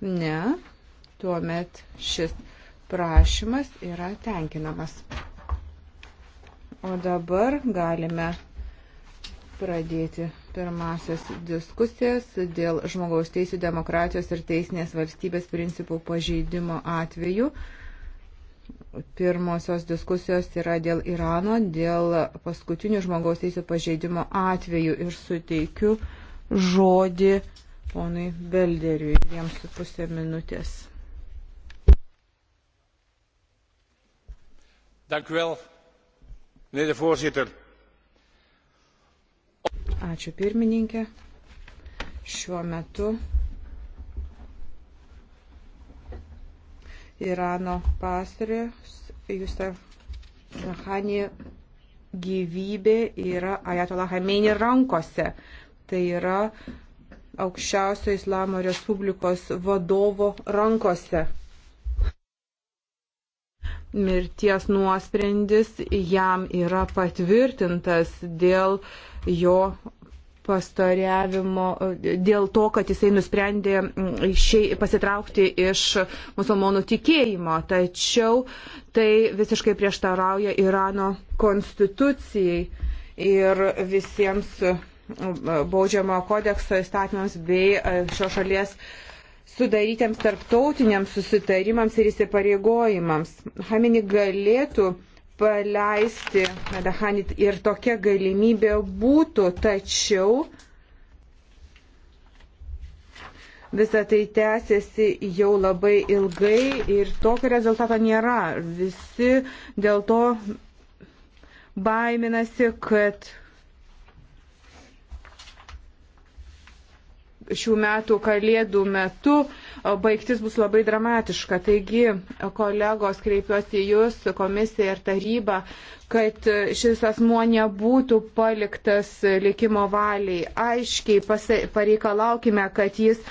Ne, tuomet šis prašymas yra tenkinamas. O dabar galime pradėti pirmasis diskusijas dėl žmogaus teisų demokratijos ir teisinės valstybės principų pažeidimo atveju. Pirmosios diskusijos yra dėl Irano, dėl paskutinių žmogaus teisų pažeidimo atveju ir suteikiu žodį ponui Belderiui dviem su pusė minutės. Dank u wel, meneer de voorzitter. Ačiū pirmininkė. Šiuo metu Irano pastorius Jusef Rahani gyvybė yra Ajatola Hameini rankose. Tai yra uh, aukščiausio Islamo Respublikos vadovo rankose. Mirties nuosprendis jam yra patvirtintas dėl jo pastoriavimo, dėl to, kad jisai nusprendė mm, šiai, pasitraukti iš musulmonų tikėjimo. Tačiau tai visiškai prieštarauja Irano konstitucijai ir visiems baudžiamo kodekso įstatymams bei e, šio šalies sudarytiems tarptautiniams susitarimams ir įsipareigojimams. Hamini galėtų paleisti Madahanį ir tokia galimybė būtų, tačiau visą tai tęsiasi jau labai ilgai ir tokio rezultato nėra. Visi dėl to baiminasi, kad šių metų kalėdų metu baigtis bus labai dramatiška. Taigi, kolegos, kreipiuosi jūs, komisija ir taryba, kad šis asmuo nebūtų paliktas likimo valiai. Aiškiai pareikalaukime, kad jis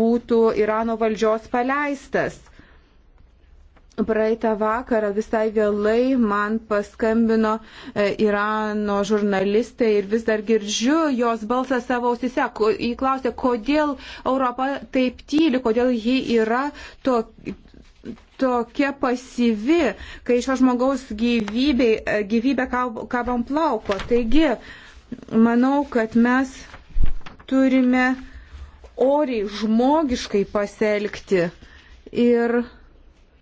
būtų Irano valdžios paleistas. Praeitą vakarą visai vėlai man paskambino e, Irano žurnalistė ir vis dar girdžiu jos balsą savo ausise. Jį klausė, kodėl Europa taip tyli, kodėl ji yra to, tokia pasyvi, kai šio žmogaus gyvybė, e, gyvybė kabam plauko. Taigi, manau, kad mes turime oriai, žmogiškai pasielgti. Ir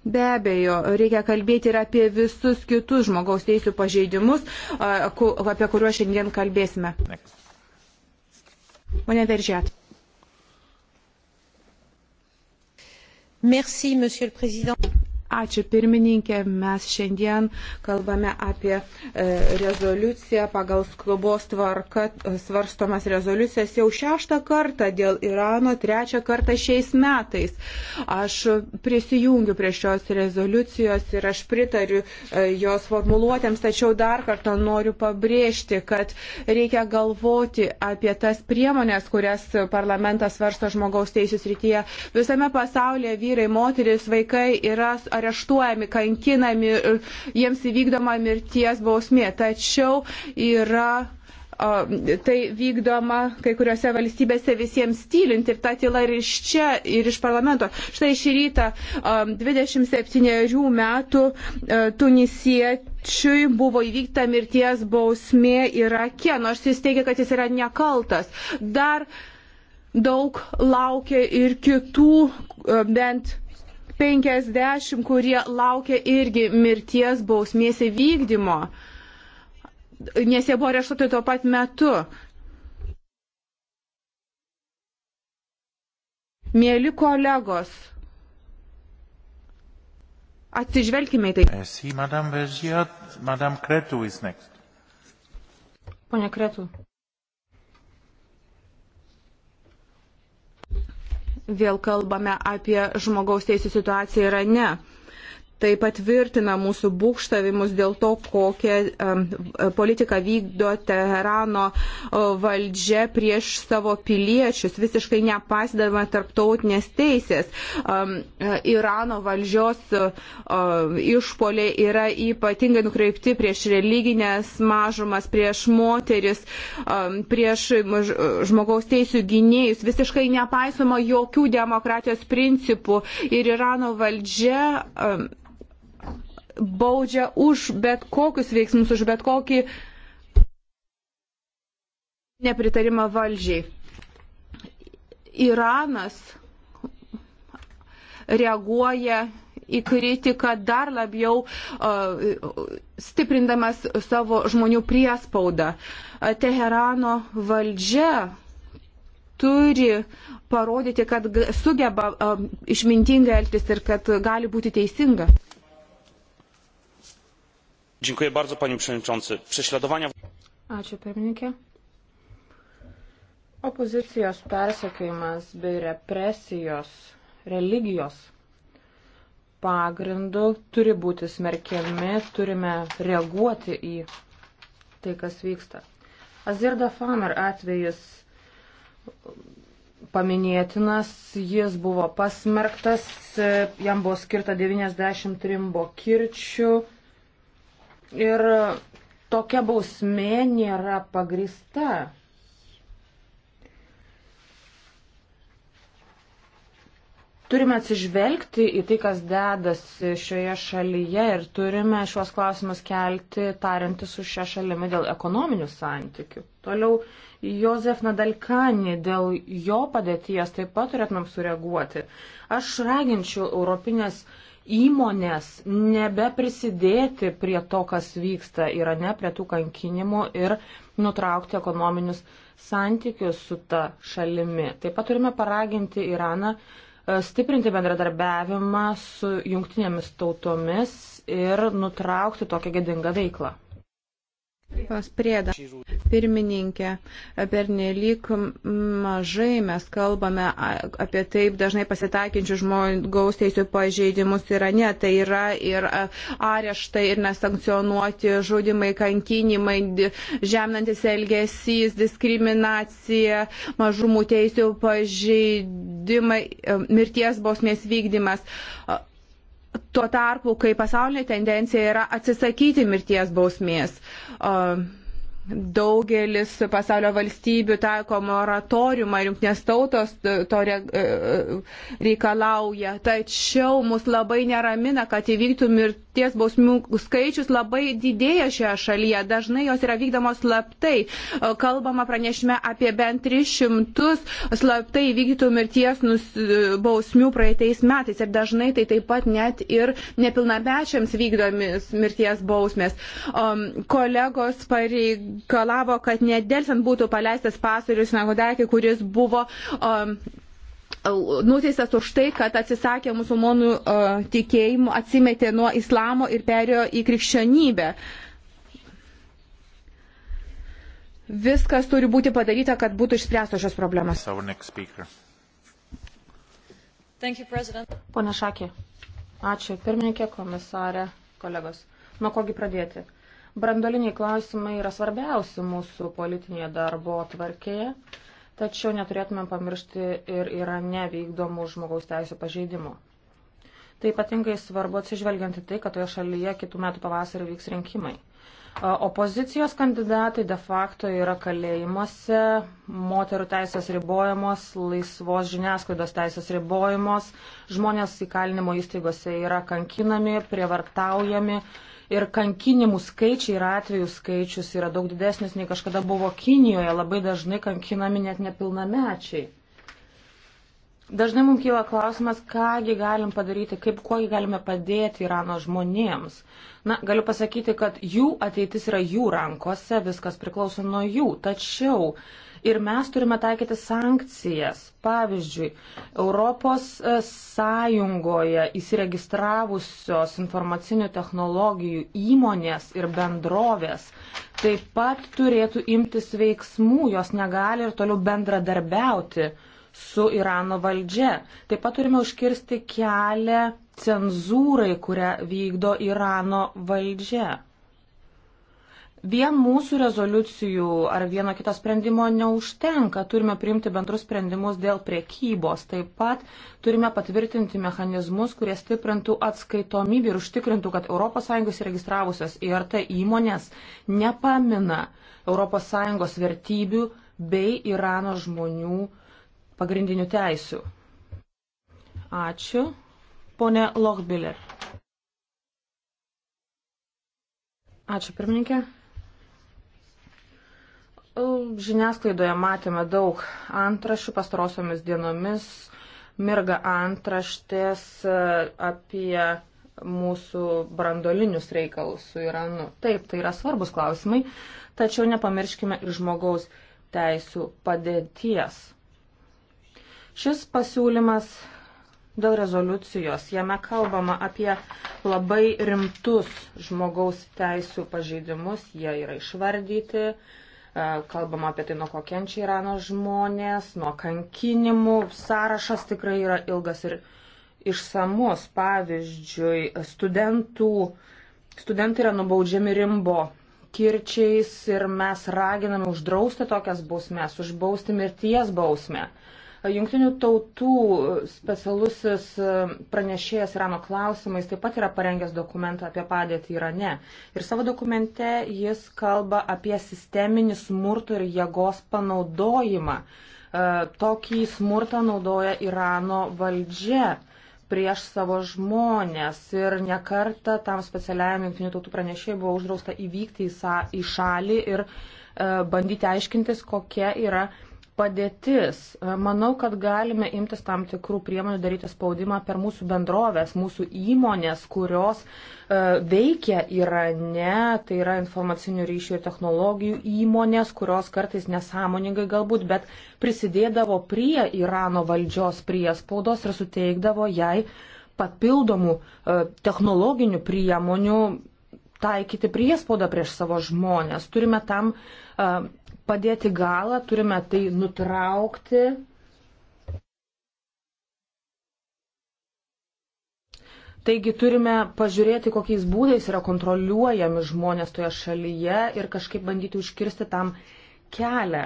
Be abejo, reikia kalbėti ir apie visus kitus žmogaus teisų pažeidimus, apie kuriuos šiandien kalbėsime. Pone Veržėt. Merci, monsieur le président. Ačiū pirmininkė, mes šiandien kalbame apie e, rezoliuciją pagal sklubos tvarką, e, svarstomas rezoliucijas jau šeštą kartą dėl Irano, trečią kartą šiais metais. Aš prisijungiu prie šios rezoliucijos ir aš pritariu e, jos formuluotėms, tačiau dar kartą noriu pabrėžti, kad reikia galvoti apie tas priemonės, kurias parlamentas svarsto žmogaus teisų srityje. Visame pasaulyje vyrai, moteris, vaikai yra areštuojami, kankinami, e, jiems įvykdoma mirties bausmė. Tačiau yra tai vykdoma kai kuriuose valstybėse visiems tylint ir ta tyla ir iš čia, ir iš parlamento. Štai šį rytą 27 metų e, tunisietiečiui buvo įvykta mirties bausmė Irake, nors jis teigia, kad jis yra nekaltas. Dar daug laukia ir kitų e, bent 50, kurie laukia irgi mirties bausmės įvykdymo, nes jie buvo areštuoti tuo pat metu. Mėly kolegos, atsižvelkime į tai. Esi, madame Veržijat, madame Kretu is next. Pone Kretu. vėl kalbame apie žmogaus teisų situaciją Irane tai patvirtina mūsų būkštavimus dėl to, kokią um, politiką vykdo Teherano valdžia prieš savo piliečius, visiškai nepasidavimą tarptautinės teisės. Um, Irano valdžios um, išpoliai yra ypatingai nukreipti prieš religinės mažumas, prieš moteris, um, prieš žmogaus teisų gynėjus, visiškai nepaisoma jokių demokratijos principų ir Irano valdžia um, baudžia už bet kokius veiksmus, už bet kokį nepritarimą valdžiai. Iranas reaguoja į kritiką dar labiau stiprindamas savo žmonių priespaudą. Teherano valdžia turi parodyti, kad sugeba išmintingai elgtis ir kad gali būti teisinga. Ačiū pirmininkė. Opozicijos persekiojimas bei represijos religijos pagrindu turi būti smerkiami, turime reaguoti į tai, kas vyksta. Azirda Famer atvejis paminėtinas, jis buvo pasmerktas, jam buvo skirta 93 bokirčių, Ir tokia bausmė nėra pagrista. Turime atsižvelgti į tai, kas dedasi šioje šalyje ir turime šiuos klausimus kelti, tarinti su šia šalimi dėl ekonominių santykių. Toliau Jozef Nadalkani, dėl jo padėties taip pat turėtumėm sureaguoti. Aš raginčiau Europinės įmonės nebeprisidėti prie to, kas vyksta Irane, prie tų kankinimų ir nutraukti ekonominius santykius su ta šalimi. Taip pat turime paraginti Iraną e, stiprinti bendradarbiavimą su jungtinėmis tautomis ir nutraukti tokią gedingą veiklą. Pas priedą. Pirmininkė, pernelyg mažai mes kalbame apie taip dažnai pasitaikinčių žmogaus teisų pažeidimus Irane. Tai yra ir areštai, ir nesankcionuoti žudimai, kankinimai, žeminantis elgesys, diskriminacija, mažumų teisų pažeidimai, e, mirties bausmės vykdymas Tuo tarpu, kai pasaulinė tendencija yra atsisakyti mirties bausmės. Uh, Daugelis pasaulio valstybių taiko moratoriumą ir jungtinės tautos to e, e, reikalauja. Tačiau mus labai neramina, kad įvyktų mirties bausmių skaičius labai didėja šioje šalyje. Dažnai jos yra vykdomos slaptai. E, kalbama pranešime apie bent 300 slaptai įvykdytų mirties bausmių praeitais metais. Ir dažnai tai taip pat net ir nepilnamečiams vykdomis mirties bausmės. Um, kolegos pareigūnai reikalavo, kad nedelsant būtų paleistas pastorius Nagodakį, kuris buvo um, nuteistas už tai, kad atsisakė musulmonų uh, tikėjimų, atsimetė nuo islamo ir perėjo į krikščionybę. Viskas turi būti padaryta, kad būtų išspręstos šios problemos. You, Pone Šakė, ačiū. Pirmininkė, komisarė, kolegos. Nuo kogi pradėti? Brandoliniai klausimai yra svarbiausi mūsų politinėje darbo tvarkėje, tačiau neturėtume pamiršti ir yra nevykdomų žmogaus teisų pažeidimų. Tai ypatingai svarbu atsižvelgiant į tai, kad toje šalyje kitų metų pavasarį vyks rinkimai. Opozicijos kandidatai de facto yra kalėjimuose, moterų teisės ribojamos, laisvos žiniasklaidos teisės ribojamos, žmonės įkalinimo įstaigose yra kankinami, prievartaujami ir kankinimų skaičiai ir atvejų skaičius yra daug didesnis nei kažkada buvo Kinijoje, labai dažnai kankinami net nepilnamečiai. Dažnai mums kyla klausimas, kągi galim padaryti, kaip kuo galime padėti Irano žmonėms. Na, galiu pasakyti, kad jų ateitis yra jų rankose, viskas priklauso nuo jų. Tačiau ir mes turime taikyti sankcijas. Pavyzdžiui, Europos e, Sąjungoje įsiregistravusios informacinių technologijų įmonės ir bendrovės taip pat turėtų imtis veiksmų, jos negali ir toliau bendradarbiauti su Irano valdžia. Taip pat turime užkirsti kelią cenzūrai, kurią vykdo Irano valdžia. Vien mūsų rezoliucijų ar vieno kito sprendimo neužtenka. Turime priimti bendrus sprendimus dėl priekybos. Taip pat turime patvirtinti mechanizmus, kurie stiprintų atskaitomybę ir užtikrintų, kad ES registravusios IRT įmonės nepamina ES vertybių bei Irano žmonių pagrindinių teisių. Ačiū. Pone Lochbiller. Ačiū pirmininkė. Žiniasklaidoje matėme daug antrašių pastarosiomis dienomis. Mirga antraštės e, apie mūsų brandolinius reikalus su Iranu. Taip, tai yra svarbus klausimai, tačiau nepamirškime ir žmogaus teisų padėties. Šis pasiūlymas dėl rezoliucijos, jame kalbama apie labai rimtus žmogaus teisų pažeidimus, jie yra išvardyti E, kalbama apie tai, nuo ko kenčia Irano žmonės, nuo kankinimų. Sąrašas tikrai yra ilgas ir išsamus. Pavyzdžiui, studentų, studentai yra nubaudžiami rimbo kirčiais ir mes raginame uždrausti tokias bausmes, užbausti mirties bausmę. Junktinių tautų specialusis pranešėjas Irano klausimais taip pat yra parengęs dokumentą apie padėtį Irane. Ir savo dokumente jis kalba apie sisteminį smurto ir jėgos panaudojimą. E, tokį smurtą naudoja Irano valdžia prieš savo žmonės ir nekarta tam specialiajam jungtinių tautų pranešėjai buvo uždrausta įvykti į, sa, į šalį ir e, bandyti aiškintis, kokia yra padėtis. Manau, kad galime imtis tam tikrų priemonių daryti spaudimą per mūsų bendrovės, mūsų įmonės, kurios uh, veikia Irane, tai yra informacinių ryšių ir technologijų įmonės, kurios kartais nesąmoningai galbūt, bet prisidėdavo prie Irano valdžios priespaudos ir suteikdavo jai papildomų uh, technologinių priemonių taikyti priespaudą prieš savo žmonės. Turime tam uh, padėti galą, turime tai nutraukti. Taigi turime pažiūrėti, kokiais būdais yra kontroliuojami žmonės toje šalyje ir kažkaip bandyti užkirsti tam kelią.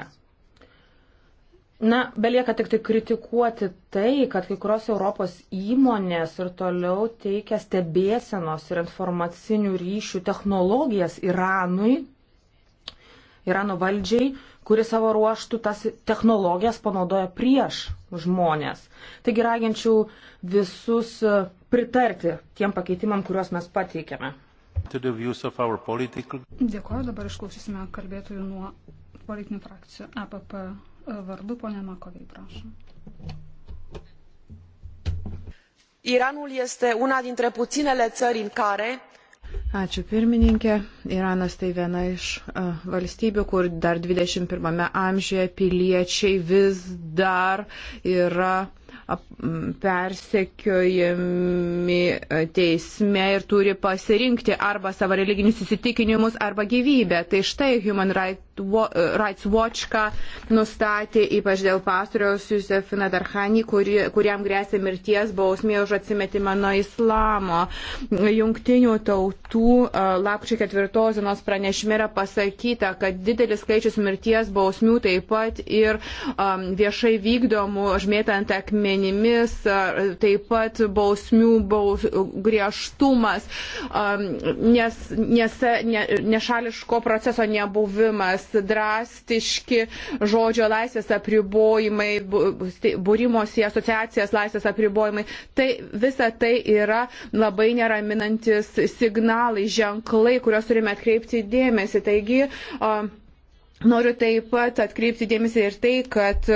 Na, belieka tik tai kritikuoti tai, kad kai kurios Europos įmonės ir toliau teikia stebėsenos ir informacinių ryšių technologijas Iranui Irano valdžiai, kuri savo ruoštų tas technologijas panaudoja prieš žmonės. Taigi raginčiau visus e, pritarti tiem pakeitimam, kuriuos mes pateikėme. Political... Dėkuoju, dabar išklausysime kalbėtojų nuo politinių frakcijų. APP e vardu, ponia Makoviai, prašom. Iranul este una dintre puținele țări în care Ačiū pirmininkė. Iranas tai viena iš uh, valstybių, kur dar 21 amžiuje piliečiai vis dar yra uh, persekiojami e, teisme ir turi pasirinkti arba savo religinius įsitikinimus, arba gyvybę. Tai štai Human Rights e, Watch ką nustatė, ypač dėl pastoriaus Jusefina Darhani, kuri, kuriam grėsė mirties bausmė už atsimetimą nuo islamo. Jungtinių tautų e, lapčio ketvirtos dienos pranešime yra pasakyta, kad didelis skaičius mirties bausmių taip pat ir um, viešai vykdomų žmėtant akmenį duomenimis, taip pat bausmių baus, griežtumas, nes, nes, ne, nešališko proceso nebuvimas, drastiški žodžio laisvės apribojimai, būrimosi asociacijas laisvės apribojimai. Tai visa tai yra labai neraminantis signalai, ženklai, kuriuos turime atkreipti dėmesį. Taigi, uh, Noriu taip pat atkreipti dėmesį ir tai, kad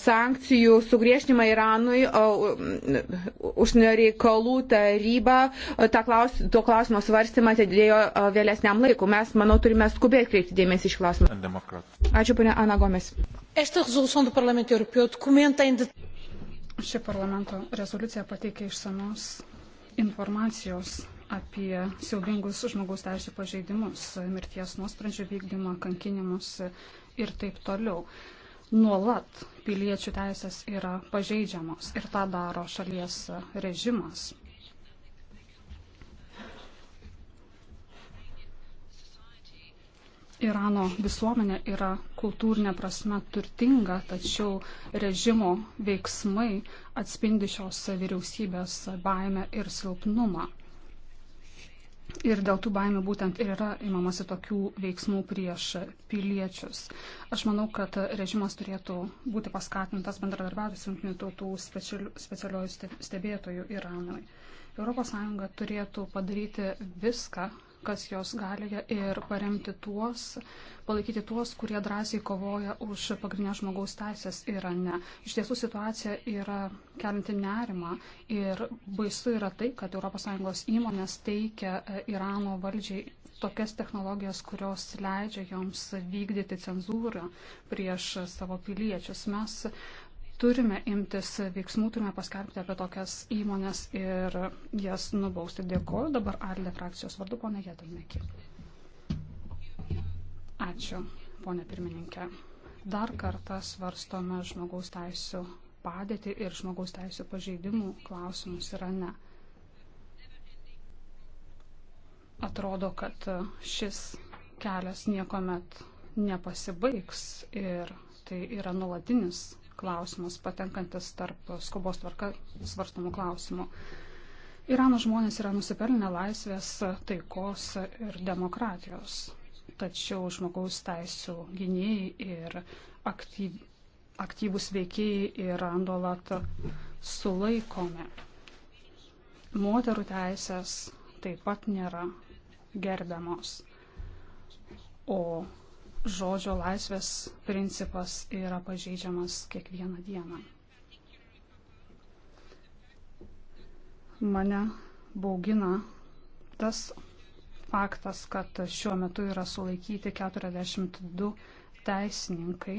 sankcijų sugriešinimą Iranui užsienio reikalų taryba to klaus, klausimo svarstymą atidėjo vėlesniam laiku. Mes, manau, turime skubiai atkreipti dėmesį iš klausimą. Ačiū, ponia Ana Gomes. Ši parlamento rezoliucija pateikia išsamos informacijos apie siaubingus žmogaus teisų pažeidimus, mirties nuosprendžių vykdymą, kankinimus ir taip toliau. Nuolat piliečių teisės yra pažeidžiamos ir tą daro šalies režimas. Irano visuomenė yra kultūrinė prasme turtinga, tačiau režimo veiksmai atspindi šios vyriausybės baimę ir silpnumą. Ir dėl tų baimių būtent ir yra imamasi tokių veiksmų prieš piliečius. Aš manau, kad režimas turėtų būti paskatintas bendradarbiauti su jungtinių tautų specialiojų stebėtojų Iranui. ES turėtų padaryti viską, kas jos galioje ir paremti tuos, palaikyti tuos, kurie drąsiai kovoja už pagrindinę žmogaus teisės Irane. Iš tiesų situacija yra kelinti nerimą ir baisu yra tai, kad ES įmonės teikia e, Irano valdžiai tokias technologijas, kurios leidžia joms vykdyti cenzūrą prieš savo piliečius. Mes turime imtis veiksmų, turime paskelbti apie tokias įmonės ir jas nubausti. Dėkoju dabar Arlė frakcijos vardu, ponė Jedalmekį. Ačiū, ponė pirmininkė. Dar kartą svarstome žmogaus teisų padėtį ir žmogaus teisų pažeidimų klausimus yra ne. Atrodo, kad šis kelias niekuomet nepasibaigs ir tai yra nulatinis klausimus, patenkantis tarp skubos tvarka svarstamų klausimų. Irano žmonės yra nusipelnę laisvės, taikos ir demokratijos. Tačiau žmogaus teisų gynėjai ir aktyv, aktyvus veikėjai yra nuolat sulaikomi. Moterų teisės taip pat nėra gerbiamos. O žodžio laisvės principas yra pažeidžiamas kiekvieną dieną. Mane baugina tas faktas, kad šiuo metu yra sulaikyti 42 teisininkai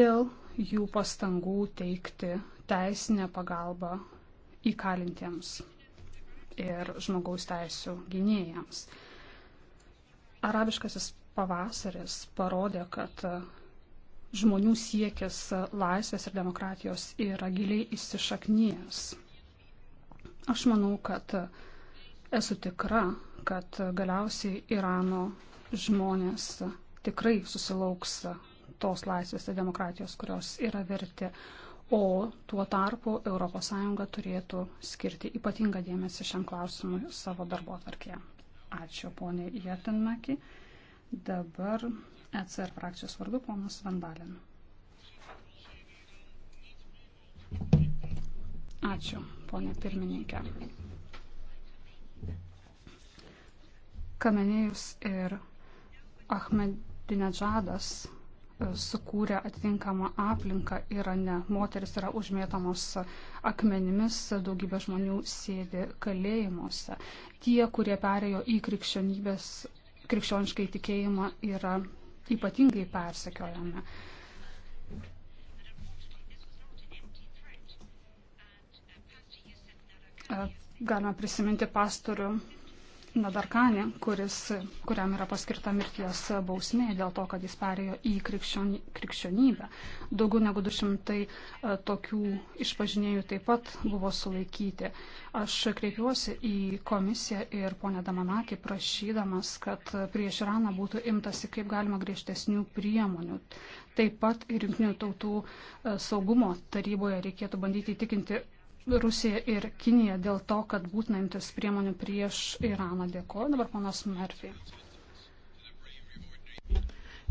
dėl jų pastangų teikti teisinę pagalbą įkalintiems ir žmogaus teisų gynėjams. Arabiškasis pavasaris parodė, kad žmonių siekis laisvės ir demokratijos yra giliai įsišaknyjęs. Aš manau, kad esu tikra, kad galiausiai Irano žmonės tikrai susilauks tos laisvės ir demokratijos, kurios yra verti, o tuo tarpu ES turėtų skirti ypatingą dėmesį šiam klausimui savo darbo atvarkėje. Ačiū, ponė Jetinmaki. Dabar ECR frakcijos vardu ponas Vandalin. Ačiū, ponė pirmininkė. Kamenėjus ir Ahmedinedžadas e, sukūrė atitinkamą aplinką Irane. Moteris yra užmėtamos akmenimis, daugybė žmonių sėdi kalėjimuose. Tie, kurie perėjo į krikščionybės krikščioniškai tikėjimą yra ypatingai persekiojami. Galima prisiminti pastorių Nadarkanį, kuris, kuriam yra paskirta mirties bausmė dėl to, kad jis perėjo į krikščiony, krikščionybę. Daugiau negu 200 e, tokių išpažinėjų taip pat buvo sulaikyti. Aš kreipiuosi į komisiją ir ponę Damanakį prašydamas, kad prieš Iraną būtų imtasi kaip galima griežtesnių priemonių. Taip pat ir Junktinių tautų e, saugumo taryboje reikėtų bandyti įtikinti Rusija ir Kinija dėl to, kad būtina imtis priemonių prieš Iraną. Dėkuoju. Dabar ponas Murphy.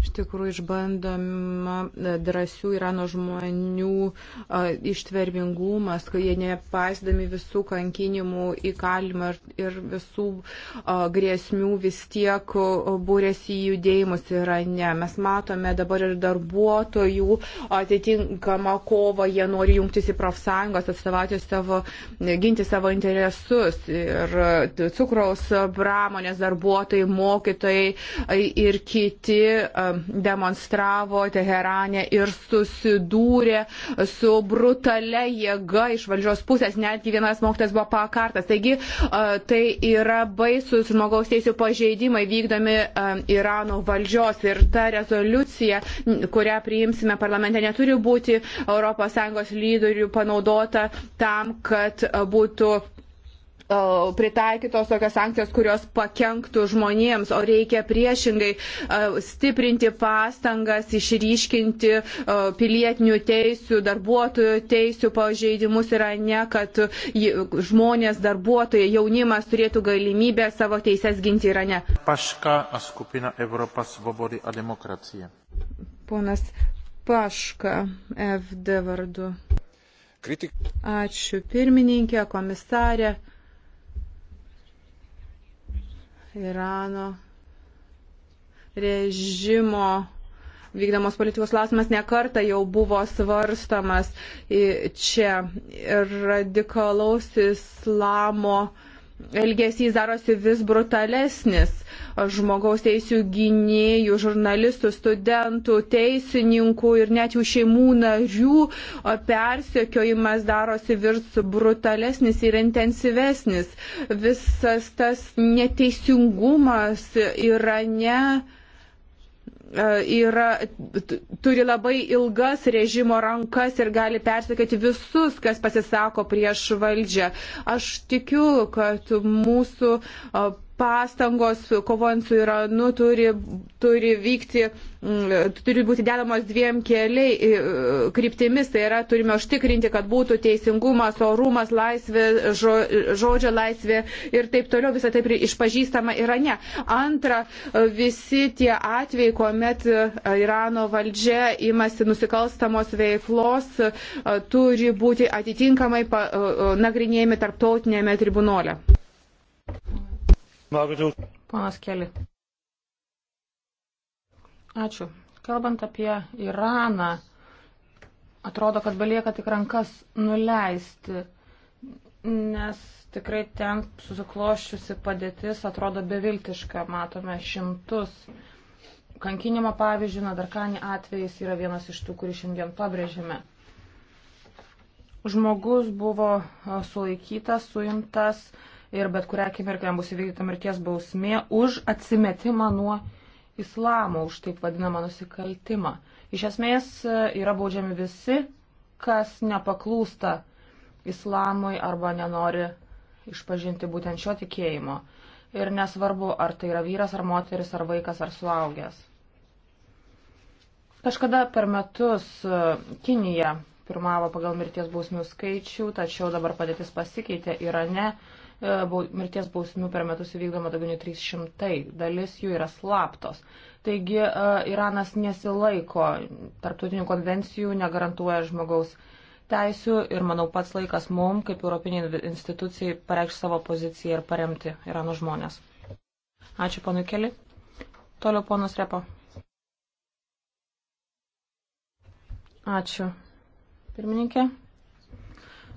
Iš tikrųjų išbandoma e, drąsių Irano žmonių a, e, ištvermingumas, kai jie nepaisdami visų kankinimų įkalimą ir, ir visų a, e, grėsmių vis tiek būrėsi į judėjimus Irane. Mes matome dabar ir darbuotojų atitinkamą kovą, jie nori jungtis į profsąjungas, atstovauti savo, ginti savo interesus. Ir cukraus pramonės darbuotojai, mokytojai ir kiti. A, demonstravo Teherane ir susidūrė su brutale jėga iš valdžios pusės, netgi vienas mokytas buvo pakartas. Taigi e, tai yra baisus žmogaus teisų pažeidimai vykdomi e, Irano valdžios ir ta rezoliucija, kurią priimsime parlamente, neturi būti ES lyderių panaudota tam, kad būtų pritaikytos tokios sankcijos, kurios pakenktų žmonėms, o reikia priešingai stiprinti pastangas, išryškinti pilietinių teisių, darbuotojų teisių pažeidimus yra ne, kad žmonės, darbuotojai, jaunimas turėtų galimybę savo teises ginti yra ne. Paška, Askupina, Europas, Svobodai, Demokracija. Ponas Paška, FD vardu. Kritik. Ačiū pirmininkė, komisarė. Irano režimo vykdomos politikos klausimas nekarta jau buvo svarstamas čia radikalaus islamo elgesys darosi vis brutalesnis. Žmogaus teisų gynėjų, žurnalistų, studentų, teisininkų ir net jų šeimų narių persiekiojimas darosi vis brutalesnis ir intensyvesnis. Visas tas neteisingumas yra ne E, yra, turi labai ilgas režimo rankas ir gali persikėti visus, kas pasisako prieš valdžią. Aš tikiu, kad mūsų e, pastangos kovojant su Iranu turi, turi vykti, mm, turi būti dedamos dviem keliai kryptimis. Tai yra, turime užtikrinti, kad būtų teisingumas, orumas, laisvė, žo, žodžio laisvė ir taip toliau visą taip išpažįstama Irane. Antra, visi tie atvejai, kuomet e, Irano valdžia imasi nusikalstamos veiklos, e, turi būti atitinkamai e, nagrinėjami tarptautinėme tribunole. Ponas Keli. Ačiū. Kalbant apie Iraną, atrodo, kad belieka tik rankas nuleisti, nes tikrai ten susikloščiusi padėtis atrodo beviltiška. Matome šimtus kankinimo pavyzdžių, Nadarkani atvejis yra vienas iš tų, kurį šiandien pabrėžėme. Žmogus buvo sulaikytas, suimtas ir bet kurią akimirką jam bus įvykdyta mirties bausmė už atsimetimą nuo islamo, už taip vadinamą nusikaltimą. Iš esmės e, yra baudžiami visi, kas nepaklūsta islamui arba nenori išpažinti būtent šio tikėjimo. Ir nesvarbu, ar tai yra vyras, ar moteris, ar vaikas, ar suaugęs. Kažkada per metus e, Kinija pirmavo pagal mirties bausmių skaičių, tačiau dabar padėtis pasikeitė Irane. E, mirties bausmių per metus įvykdoma daugiau nei 300, dalis jų yra slaptos. Taigi e, Iranas nesilaiko tarptautinių konvencijų, negarantuoja žmogaus teisių ir manau pats laikas mum, kaip Europiniai institucijai, pareikšti savo poziciją ir paremti Irano žmonės. Ačiū ponui Keli. Toliau ponas Repo. Ačiū. Pirmininkė.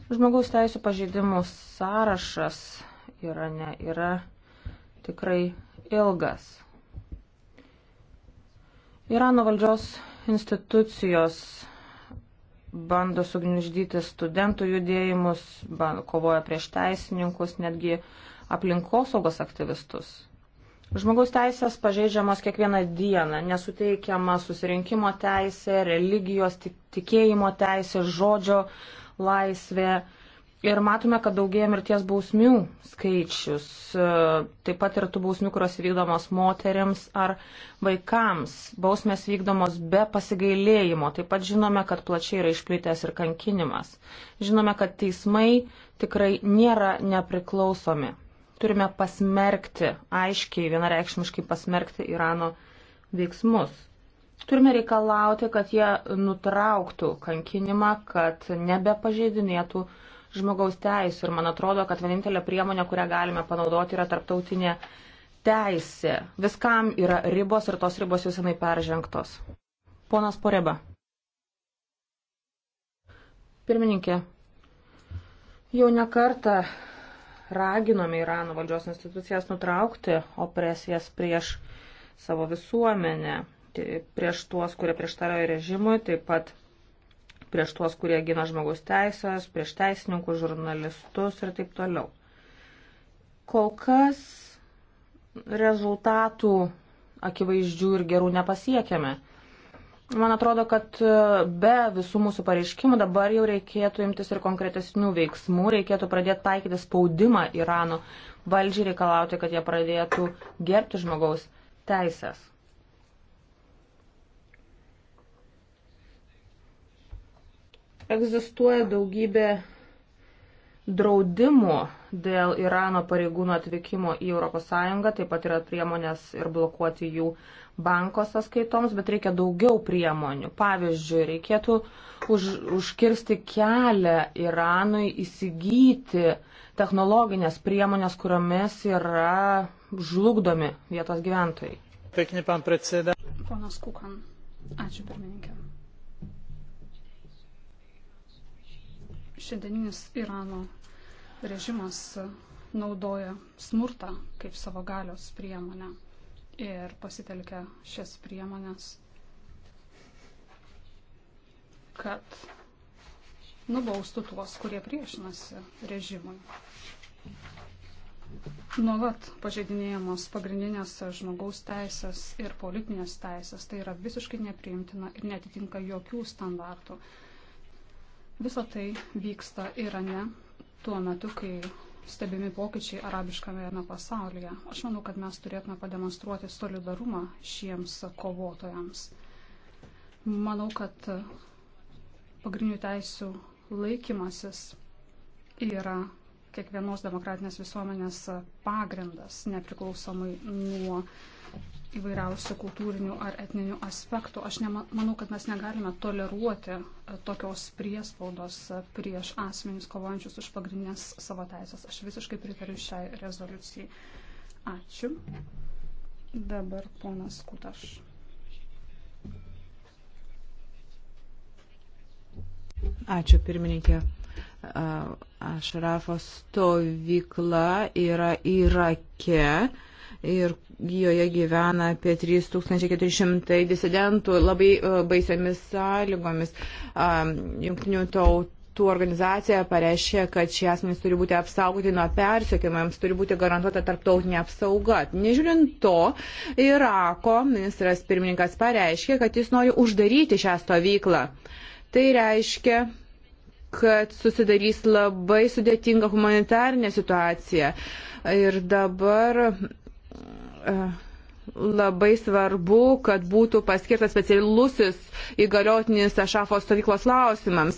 Žmogaus teisų pažeidimų sąrašas Irane yra tikrai ilgas. Irano valdžios institucijos bando sugniždyti studentų judėjimus, bando, kovoja prieš teisininkus, netgi aplinkosaugos aktyvistus. Žmogaus teisės pažeidžiamos kiekvieną dieną, nesuteikiama susirinkimo teisė, religijos tikėjimo teisė, žodžio laisvė. Ir matome, kad daugėja mirties bausmių skaičius, e, taip pat ir tų bausmių, kurios vykdomos moteriams ar vaikams. Bausmės vykdomos be pasigailėjimo. Taip pat žinome, kad plačiai yra išplitęs ir kankinimas. Žinome, kad teismai tikrai nėra nepriklausomi. Turime pasmerkti, aiškiai, vienareikšmiškai pasmerkti Irano veiksmus. Turime reikalauti, kad jie nutrauktų kankinimą, kad nebepažeidinėtų žmogaus teisų. Ir man atrodo, kad vienintelė priemonė, kurią galime panaudoti, yra tarptautinė teisė. Viskam yra ribos ir tos ribos jau senai peržengtos. Ponas Poreba. Pirmininkė, jau nekartą raginome Irano valdžios institucijas nutraukti opresijas prieš savo visuomenę prieš tuos, kurie prieštarauja režimui, taip pat prieš tuos, kurie gina žmogus teisės, prieš teisininkus, žurnalistus ir taip toliau. Kol kas rezultatų akivaizdžių ir gerų nepasiekėme. Man atrodo, kad e, be visų mūsų pareiškimų dabar jau reikėtų imtis ir konkretesnių veiksmų, reikėtų pradėti taikyti spaudimą Irano valdžiai reikalauti, kad jie pradėtų gerbti žmogaus teisės. Egzistuoja daugybė draudimų dėl Irano pareigūnų atvykimo į ES, taip pat yra priemonės ir blokuoti jų banko sąskaitoms, bet reikia daugiau priemonių. Pavyzdžiui, reikėtų už, užkirsti kelią Iranui įsigyti technologinės priemonės, kuriomis yra žlugdomi vietos gyventojai. Pekni, pan predsėda. Ponas Kukan, ačiū pirmininkė. šiandieninis Irano režimas naudoja smurtą kaip savo galios priemonę ir pasitelkia šias priemonės, kad nubaustų tuos, kurie priešinasi režimui. Nuolat pažeidinėjamos pagrindinės žmogaus teisės ir politinės teisės. Tai yra visiškai nepriimtina ir netitinka jokių standartų. Visą tai vyksta Irane tuo metu, kai stebimi pokyčiai arabiškame pasaulyje. Aš manau, kad mes turėtume pademonstruoti solidarumą šiems kovotojams. Manau, kad pagrindinių teisių laikymasis yra kiekvienos demokratinės visuomenės pagrindas, nepriklausomai nuo įvairiausių kultūrinių ar etninių aspektų. Aš nemanau, kad mes negalime toleruoti e, tokios priespaudos e, prieš asmenys kovojančius už pagrindinės savo teisės. Aš visiškai pritariu šiai rezoliucijai. Ačiū. Dabar ponas Kutaš. Ačiū pirmininkė. Ašrafo stovykla yra Irake. Yra ir joje gyvena apie 3400 disidentų labai e, baisiomis sąlygomis. Junktinių tautų organizacija pareiškė, kad šie asmenys turi būti apsaugoti nuo persiekimo, jiems turi būti garantuota tarptautinė apsauga. Nežiūrint to, Irako ministras pirmininkas pareiškė, kad jis nori uždaryti šią stovyklą. Tai reiškia, kad susidarys labai sudėtinga humanitarinė situacija. Ir dabar Eh, labai svarbu, kad būtų paskirtas specialusis įgaliotinis Ašafos stovyklos klausimams.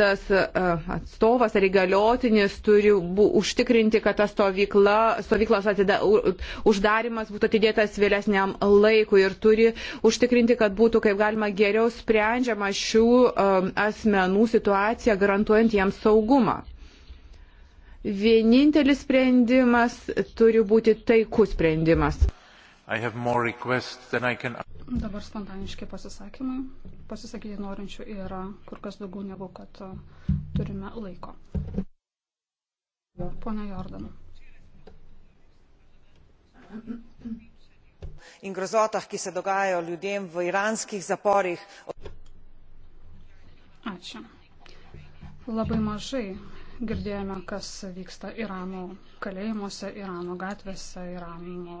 Tas eh, atstovas ar įgaliotinis turi bū, užtikrinti, kad ta stovykla, stovyklos atida, uždarimas būtų atidėtas vėlesniam laikui ir turi užtikrinti, kad būtų kaip galima geriau sprendžiama šių eh, asmenų situacija, garantuojant jiems saugumą vienintelis sprendimas turi būti taikus sprendimas. Can... Dabar spontaniški pasisakymai. Pasisakyti norinčių yra kur kas daugiau negu kad turime laiko. Pone Jordan. In grozotah, ki se dogajajo ljudem v iranskih zaporih. Ačiū. Labai mažai Girdėjome, kas vyksta Irano kalėjimuose, Irano gatvėse, Irano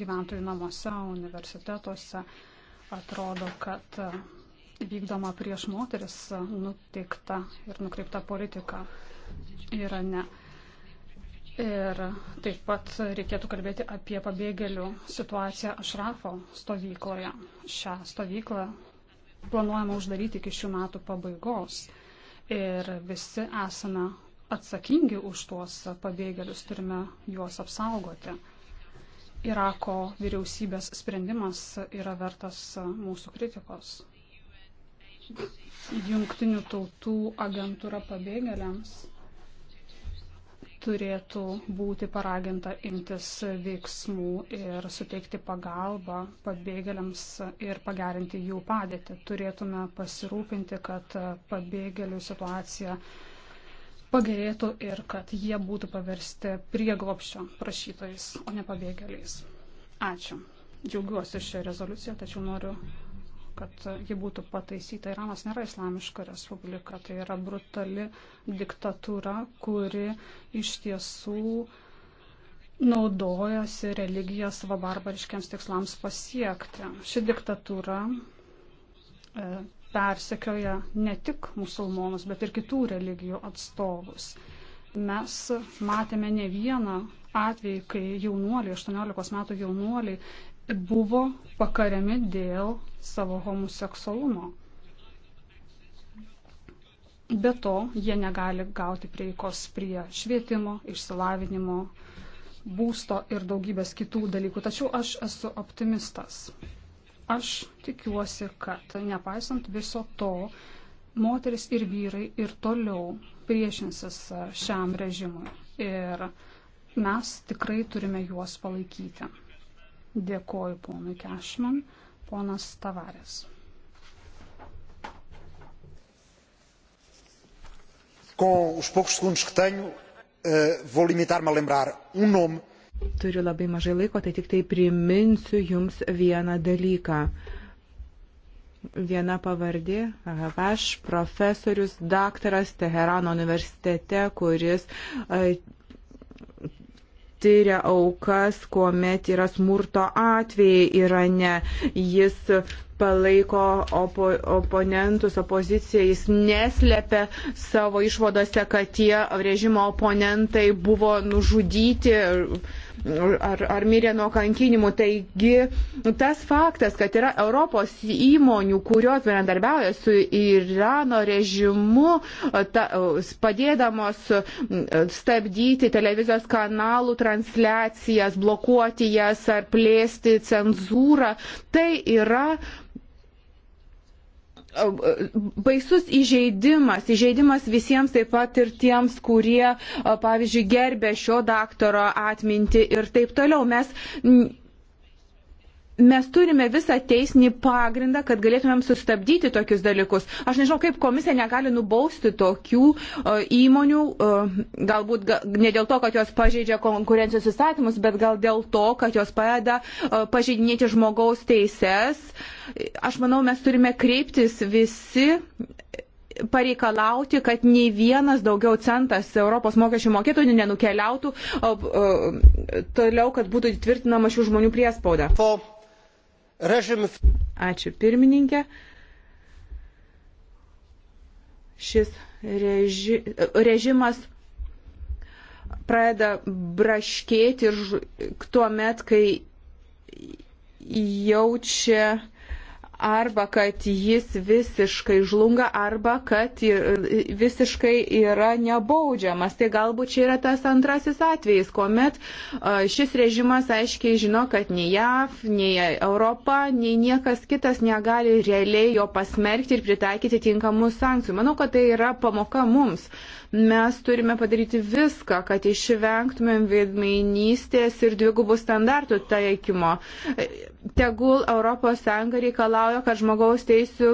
gyventojų namuose, universitetuose. Atrodo, kad vykdoma prieš moteris nutikta ir nukreipta politika Irane. Ir taip pat reikėtų kalbėti apie pabėgėlių situaciją Ašrafo stovykloje. Šią stovyklą planuojama uždaryti iki šių metų pabaigos. Ir visi esame atsakingi už tuos pabėgėlius, turime juos apsaugoti. Irako vyriausybės sprendimas yra vertas mūsų kritikos. Jungtinių tautų agentūra pabėgėliams turėtų būti paraginta imtis veiksmų ir suteikti pagalbą pabėgėliams ir pagerinti jų padėtį. Turėtume pasirūpinti, kad pabėgėlių situacija pagerėtų ir kad jie būtų paversti prieglopščio prašytojais, o ne pabėgėliais. Ačiū. Džiaugiuosi šią rezoliuciją, tačiau noriu, kad ji būtų pataisyta. Iranas nėra islamiška respublika, tai yra brutali diktatūra, kuri iš tiesų naudojasi religiją savo barbariškiams tikslams pasiekti. Ši diktatūra e, persekioja ne tik musulmonus, bet ir kitų religijų atstovus. Mes matėme ne vieną atvejį, kai jaunuoliai, 18 metų jaunuoliai buvo pakariami dėl savo homoseksualumo. Be to, jie negali gauti prieikos prie švietimo, išsilavinimo, būsto ir daugybės kitų dalykų. Tačiau aš esu optimistas. Aš tikiuosi, kad nepaisant viso to, moteris ir vyrai ir toliau priešinsis šiam režimui. Ir mes tikrai turime juos palaikyti. Dėkoju ponui Kešman, ponas Tavarės. Com os poucos segundos que tenho, uh, vou limitar-me a lembrar um nome Turiu labai mažai laiko, tai tik tai priminsiu Jums vieną dalyką. Viena pavardė, aš profesorius, daktaras Teherano universitete, kuris tyria aukas, kuomet yra smurto atvejai Irane. Jis palaiko opo, oponentus, opoziciją, jis neslepia savo išvadose, kad tie režimo oponentai buvo nužudyti ar, ar mirė nuo kankinimų. Taigi tas faktas, kad yra Europos įmonių, kurios bendradarbiauja su Irano režimu, ta, padėdamos stabdyti televizijos kanalų transliacijas, blokuoti jas ar plėsti cenzūrą, tai yra baisus įžeidimas, įžeidimas visiems taip pat ir tiems, kurie, pavyzdžiui, gerbė šio daktaro atmintį ir taip toliau. Mes mes turime visą teisinį pagrindą, kad galėtumėm sustabdyti tokius dalykus. Aš nežinau, kaip komisija negali nubausti tokių uh, įmonių, uh, galbūt ga, ne dėl to, kad jos pažeidžia konkurencijos įstatymus, bet gal dėl to, kad jos padeda uh, pažeidinėti žmogaus teises. Aš manau, mes turime kreiptis visi pareikalauti, kad nei vienas daugiau centas Europos mokesčių mokėtojų nenukeliautų o, o, toliau, kad būtų tvirtinama šių žmonių priespauda. For režim. Ačiū pirmininkė. Šis reži, režimas pradeda braškėti ir tuo met, kai jaučia arba kad jis visiškai žlunga, arba kad visiškai yra nebaudžiamas. Tai galbūt čia yra tas antrasis atvejis, kuomet šis režimas aiškiai žino, kad nei JAV, nei Europa, nei niekas kitas negali realiai jo pasmerkti ir pritaikyti tinkamus sankcijų. Manau, kad tai yra pamoka mums. Mes turime padaryti viską, kad išvengtumėm veidmainystės ir dvigubų standartų taikymo. Tegul ES reikalauja, kad žmogaus teisų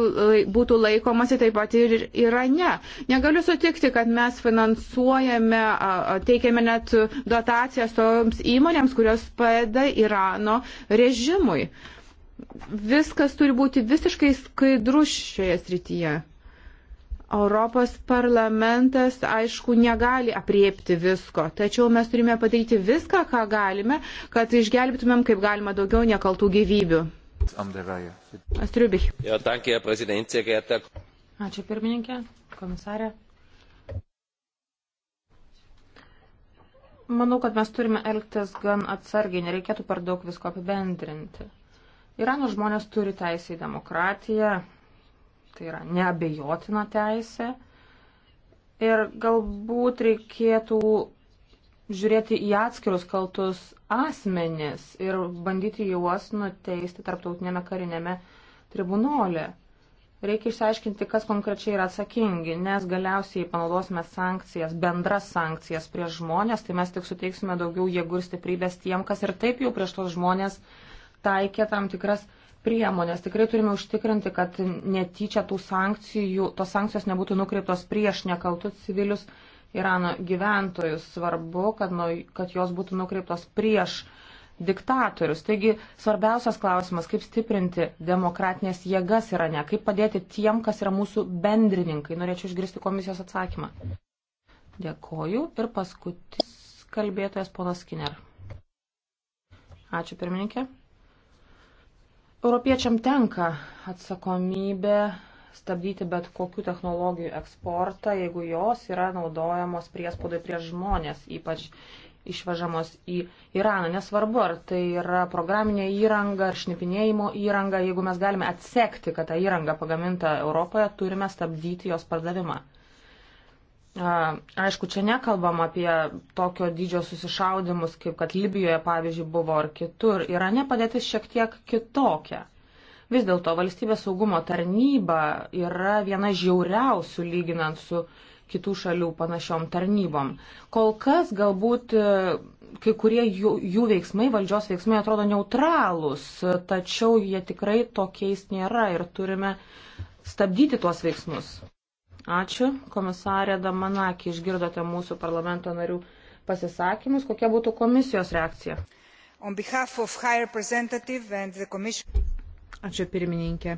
būtų laikomasi taip pat ir Irane. Negaliu sutikti, kad mes finansuojame, teikiame net dotacijas toms įmonėms, kurios padeda Irano režimui. Viskas turi būti visiškai skaidrus šioje srityje. Europos parlamentas, aišku, negali apriepti visko, tačiau mes turime padaryti viską, ką galime, kad išgelbėtumėm kaip galima daugiau nekaltų gyvybių. Astriubich. Ačiū pirmininkė, komisarė. Manau, kad mes turime elgtis gan atsargiai, nereikėtų per daug visko apibendrinti. Irano žmonės turi teisę į demokratiją, tai yra neabejotina teisė. Ir galbūt reikėtų žiūrėti į atskirus kaltus asmenis ir bandyti juos nuteisti tarptautinėme karinėme tribunolė. Reikia išsiaiškinti, kas konkrečiai yra atsakingi, nes galiausiai panaudosime sankcijas, bendras sankcijas prieš žmonės, tai mes tik suteiksime daugiau jėgų ir stiprybės tiem, kas ir taip jau prieš tos žmonės taikė tam tikras priemonės. Tikrai turime užtikrinti, kad netyčia tų sankcijų, tos sankcijos nebūtų nukreiptos prieš nekaltus civilius Irano gyventojus. Svarbu, kad, nu, kad jos būtų nukreiptos prieš diktatorius. Taigi svarbiausias klausimas, kaip stiprinti demokratinės jėgas Irane, kaip padėti tiem, kas yra mūsų bendrininkai. Norėčiau išgirsti komisijos atsakymą. Dėkoju. Ir paskutinis kalbėtojas ponas Skinner. Ačiū pirmininkė. Europiečiam tenka atsakomybė stabdyti bet kokių technologijų eksportą, jeigu jos yra naudojamos priespaudai prieš žmonės, ypač išvežamos į Iraną. Nesvarbu, ar tai yra programinė įranga, ar šnipinėjimo įranga, jeigu mes galime atsekti, kad ta įranga pagaminta Europoje, turime stabdyti jos pardavimą. Aišku, čia nekalbam apie tokio dydžio susišaudimus, kaip kad Libijoje, pavyzdžiui, buvo ar kitur. Irane padėtis šiek tiek kitokia. Vis dėlto valstybės saugumo tarnyba yra viena žiauriausių lyginant su kitų šalių panašiom tarnybom. Kol kas galbūt e, kai kurie jų, jų veiksmai, valdžios veiksmai atrodo neutralūs, tačiau jie tikrai tokiais nėra ir turime stabdyti tuos veiksmus. Ačiū, komisarė Damanaki, išgirdote mūsų parlamento narių pasisakymus. Kokia būtų komisijos reakcija? Ačiū pirmininkė.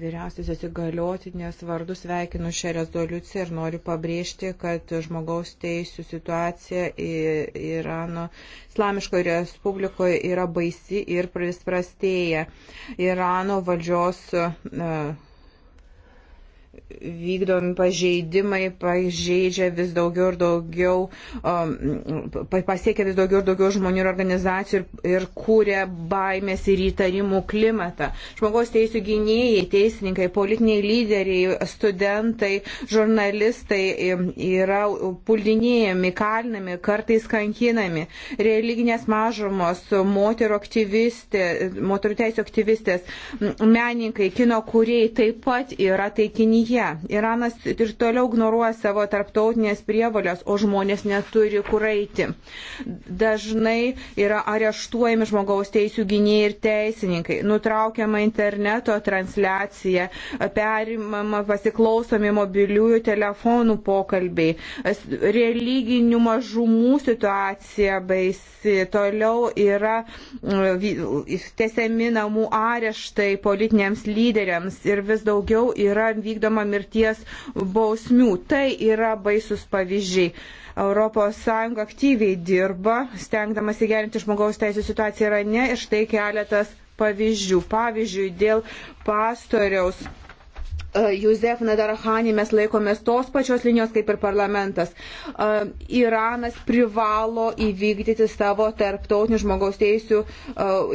Vyriausiasis įgaliotinės vardu sveikinu šią rezoliuciją ir noriu pabrėžti, kad žmogaus teisų situacija Irano Islamiškoje Respublikoje yra baisi ir prastėja. Irano valdžios uh, vykdomi pažeidimai pažeidžia vis daugiau ir daugiau, um, pasiekia vis daugiau ir daugiau žmonių ir organizacijų ir, ir kūrė baimės ir įtarimų klimatą. Žmogaus teisų gynėjai, teisininkai, politiniai lyderiai, studentai, žurnalistai um, yra puldinėjami, kalinami, kartais kankinami. Religinės mažumos, moterų aktyvistė, moterų teisų aktyvistės, menininkai, kino kūrėjai taip pat yra taikiniai kelyje. Iranas ir toliau ignoruoja savo tarptautinės prievalės, o žmonės neturi kur eiti. Dažnai yra areštuojami žmogaus teisų gynėjai ir teisininkai, nutraukiama interneto transliacija, perimama pasiklausomi mobiliųjų telefonų pokalbiai, religinių mažumų situacija baisi, toliau yra mm, tesiami namų areštai politiniams lyderiams ir vis daugiau yra vykdo skelbiama mirties bausmių. Tai yra baisus pavyzdžiai. ES aktyviai dirba, stengdamas įgerinti žmogaus teisų situaciją Irane ir štai keletas pavyzdžių. Pavyzdžiui, dėl pastoriaus E, Juzef Nadarahani mes laikomės tos pačios linijos kaip ir parlamentas. E, Iranas privalo įvykdyti savo tarptautinių žmogaus teisų e,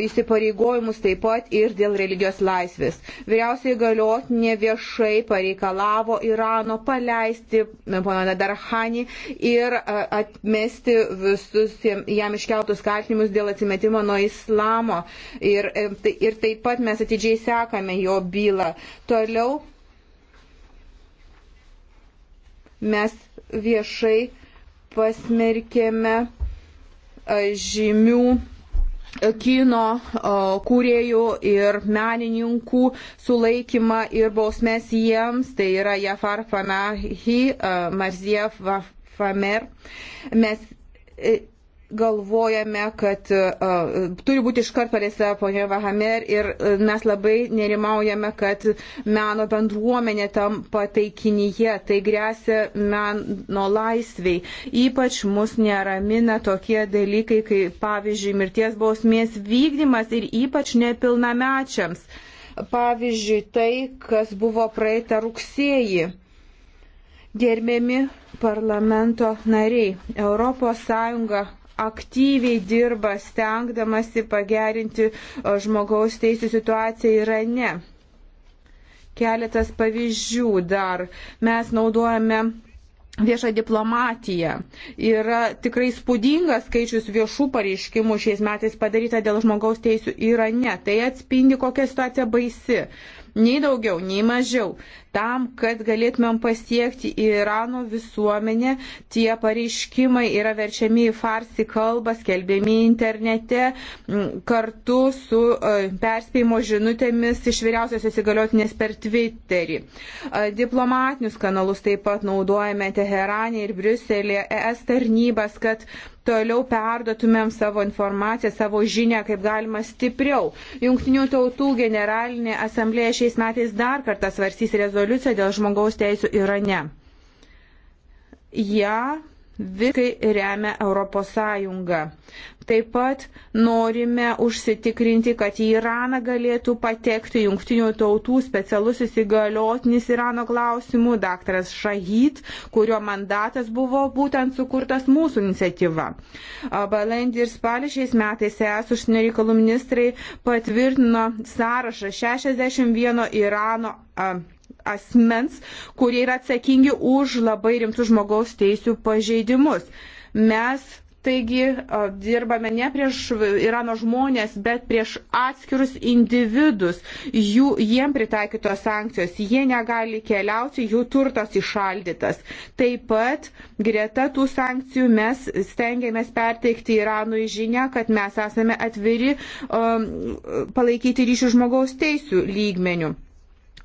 įsipareigojimus taip pat ir dėl religijos laisvės. Vyriausiai galiotinė viešai pareikalavo Irano paleisti poną Nadarahani ir atmesti visus jam iškeltus kaltinimus dėl atsimetimo nuo islamo. Ir, tai, ir taip pat mes atidžiai sekame jo bylą. Toliau Mes viešai pasmerkėme žymių kino kūrėjų ir menininkų sulaikymą ir bausmės jiems, tai yra Jafar Fanahi, Marziev Famer. Mes e, galvojame, kad uh, turi būti iškart paleista ponia Vahamer ir uh, mes labai nerimaujame, kad meno bendruomenė tam pataikinyje, tai grėsia meno laisviai. Ypač mus neramina tokie dalykai, kaip pavyzdžiui mirties bausmės vykdymas ir ypač nepilnamečiams. Pavyzdžiui, tai, kas buvo praeitą rugsėjį. Gerbiami parlamento nariai, ES aktyviai dirba, stengdamasi pagerinti žmogaus teisų situaciją Irane. Keletas pavyzdžių dar. Mes naudojame viešą diplomatiją. Yra tikrai spūdingas skaičius viešų pareiškimų šiais metais padaryta dėl žmogaus teisų Irane. Tai atspindi, kokia situacija baisi. Nei daugiau, nei mažiau tam, kad galėtumėm pasiekti Irano visuomenę. Tie pareiškimai yra verčiami į farsi kalbą, skelbiami internete kartu su e, perspėjimo žinutėmis iš vyriausiosios įgaliotinės per Twitterį. E, diplomatinius kanalus taip pat naudojame Teheranė ir Briuselėje, ES tarnybas, kad toliau perdotumėm savo informaciją, savo žinę, kaip galima stipriau. Jungtinių tautų generalinė asamblėje šiais metais dar kartą svarstys rezoliuciją rezoliuciją dėl žmogaus teisų Irane. Ja viskai remia Europos Sąjunga. Taip pat norime užsitikrinti, kad į Iraną galėtų patekti jungtinių tautų specialusis įgaliotinis Irano klausimų, daktaras Šahid, kurio mandatas buvo būtent sukurtas mūsų iniciatyva. Balandį ir spalį šiais metais ES užsienio reikalų ministrai patvirtino sąrašą 61 Irano. A, asmens, kurie yra atsakingi už labai rimtus žmogaus teisų pažeidimus. Mes Taigi dirbame ne prieš Irano žmonės, bet prieš atskirus individus. Jų, jiem pritaikytos sankcijos, jie negali keliauti, jų turtas išaldytas. Taip pat greta tų sankcijų mes stengiamės perteikti Iranui žinę, kad mes esame atviri um, palaikyti ryšių žmogaus teisų lygmenių.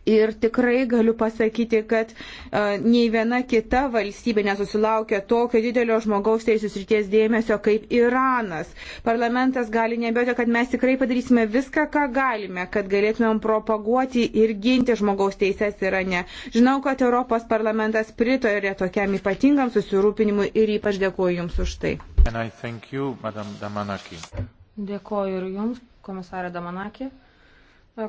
Ir tikrai galiu pasakyti, kad uh, nei viena kita valstybė nesusilaukia tokio didelio žmogaus teisų srities dėmesio kaip Iranas. Parlamentas gali nebijoti, kad mes tikrai padarysime viską, ką galime, kad galėtumėm propaguoti ir ginti žmogaus teises Irane. Žinau, kad Europos parlamentas pritorė tokiam ypatingam susirūpinimui ir ypač dėkuoju Jums už tai. You, Dėkuoju ir Jums, komisarė Damanakė.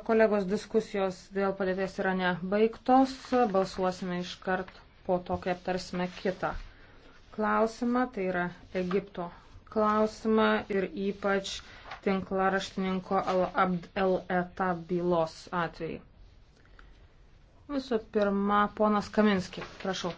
Kolegos diskusijos dėl padėties yra nebaigtos. Balsuosime iš kart po to, kai aptarsime kitą klausimą. Tai yra Egipto klausimą ir ypač tinklaraštininko Al-Abd el-Eta bylos atvejai. Visų pirma, ponas Kaminski, prašau.